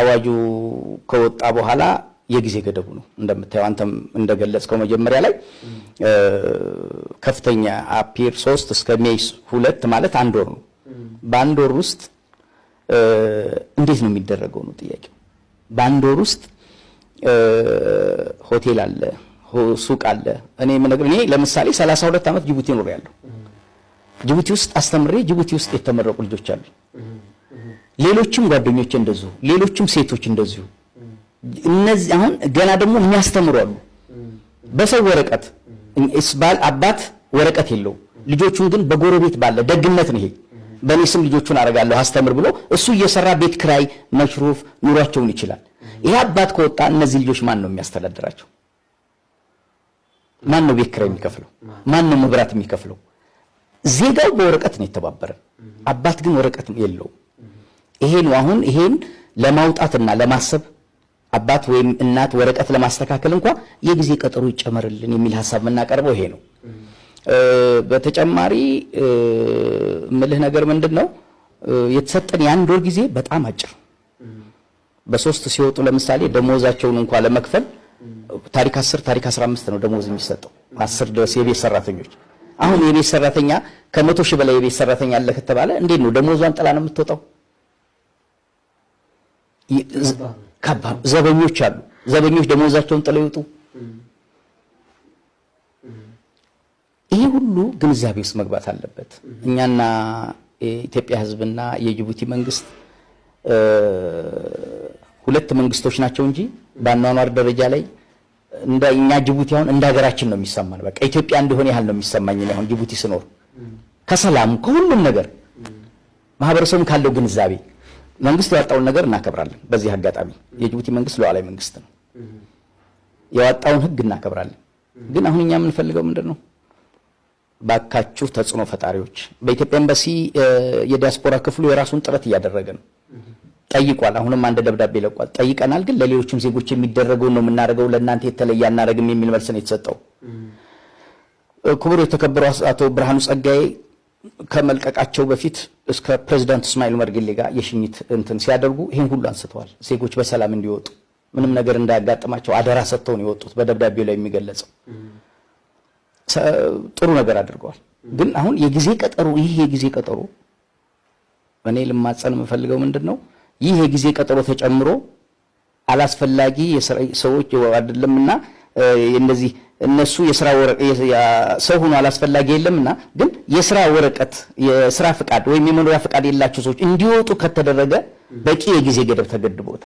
አዋጁ ከወጣ በኋላ የጊዜ ገደቡ ነው። እንደምታየው አንተም እንደገለጽከው መጀመሪያ ላይ ከፍተኛ አፒር ሶስት እስከ ሜይ ሁለት ማለት አንድ ወር ነው። በአንድ ወር ውስጥ እንዴት ነው የሚደረገው ነው ጥያቄው። በአንድ ወር ውስጥ ሆቴል አለ፣ ሱቅ አለ። እኔ የምነግርህ እኔ ለምሳሌ 32 ዓመት ጅቡቲ ኖሬያለሁ። ጅቡቲ ውስጥ አስተምሬ ጅቡቲ ውስጥ የተመረቁ ልጆች አሉ። ሌሎችም ጓደኞች እንደዚሁ፣ ሌሎችም ሴቶች እንደዚሁ። እነዚህ አሁን ገና ደግሞ የሚያስተምሩ አሉ። በሰው ወረቀት ባል አባት ወረቀት የለው ልጆቹን ግን በጎረቤት ባለ ደግነት ነው ይሄ በእኔ ስም ልጆቹን አደርጋለሁ አስተምር ብሎ እሱ እየሰራ ቤት ክራይ መሽሩፍ ኑሯቸውን ይችላል። ይሄ አባት ከወጣ እነዚህ ልጆች ማን ነው የሚያስተዳድራቸው? ማን ነው ቤት ክራይ የሚከፍለው? ማን ነው መብራት የሚከፍለው? ዜጋው በወረቀት ነው የተባበረ። አባት ግን ወረቀት የለውም። ይሄን አሁን ይሄን ለማውጣትና ለማሰብ አባት ወይም እናት ወረቀት ለማስተካከል እንኳ የጊዜ ቀጠሮ ይጨመርልን የሚል ሀሳብ የምናቀርበው ይሄ ነው። በተጨማሪ ምልህ ነገር ምንድን ነው የተሰጠን የአንድ ወር ጊዜ በጣም አጭር በሶስት ሲወጡ ለምሳሌ ደሞዛቸውን እንኳ ለመክፈል ታሪክ 10 ታሪክ 15 ነው ደሞዝ የሚሰጠው 10 ድረስ የቤት ሰራተኞች። አሁን የቤት ሰራተኛ ከመቶ ሺህ በላይ የቤት ሰራተኛ አለ ከተባለ እንዴት ነው ደሞዟን ጥላ ነው የምትወጣው? ከባድ ዘበኞች አሉ። ዘበኞች ደሞዛቸውን ጥለው ይወጡ። ይህ ሁሉ ግንዛቤ ውስጥ መግባት አለበት። እኛና የኢትዮጵያ ሕዝብና የጅቡቲ መንግስት ሁለት መንግስቶች ናቸው እንጂ በአኗኗር ደረጃ ላይ እኛ ጅቡቲ አሁን እንደ ሀገራችን ነው የሚሰማን። በቃ ኢትዮጵያ እንደሆነ ያህል ነው የሚሰማኝ አሁን ጅቡቲ ስኖር፣ ከሰላሙ ከሁሉም ነገር ማህበረሰቡም ካለው ግንዛቤ መንግስት ያወጣውን ነገር እናከብራለን። በዚህ አጋጣሚ የጅቡቲ መንግስት ሉዓላዊ መንግስት ነው። ያወጣውን ህግ እናከብራለን። ግን አሁን እኛ የምንፈልገው ምንድን ነው? ባካችሁ ተጽዕኖ ፈጣሪዎች፣ በኢትዮጵያ ኤምባሲ የዲያስፖራ ክፍሉ የራሱን ጥረት እያደረገ ነው። ጠይቋል። አሁንም አንድ ደብዳቤ ለቋል። ጠይቀናል፣ ግን ለሌሎችም ዜጎች የሚደረገውን ነው የምናደርገው፣ ለእናንተ የተለየ አናደርግም የሚል መልስ ነው የተሰጠው። ክቡር የተከበሩ አቶ ብርሃኑ ጸጋዬ ከመልቀቃቸው በፊት እስከ ፕሬዚዳንት እስማኤል መርጌሌ ጋር የሽኝት እንትን ሲያደርጉ ይህን ሁሉ አንስተዋል። ዜጎች በሰላም እንዲወጡ ምንም ነገር እንዳያጋጥማቸው አደራ ሰጥተው ነው የወጡት። በደብዳቤው ላይ የሚገለጸው ጥሩ ነገር አድርገዋል። ግን አሁን የጊዜ ቀጠሮ ይህ የጊዜ ቀጠሮ እኔ ልማጸን የምፈልገው ምንድን ነው፣ ይህ የጊዜ ቀጠሮ ተጨምሮ አላስፈላጊ ሰዎች አይደለምና እንደዚህ እነሱ የስራ ወረቀት ሰው ሆኖ አላስፈላጊ የለምና፣ ግን የስራ ወረቀት የስራ ፍቃድ ወይም የመኖሪያ ፍቃድ የላቸው ሰዎች እንዲወጡ ከተደረገ በቂ የጊዜ ገደብ ተገድቦታል።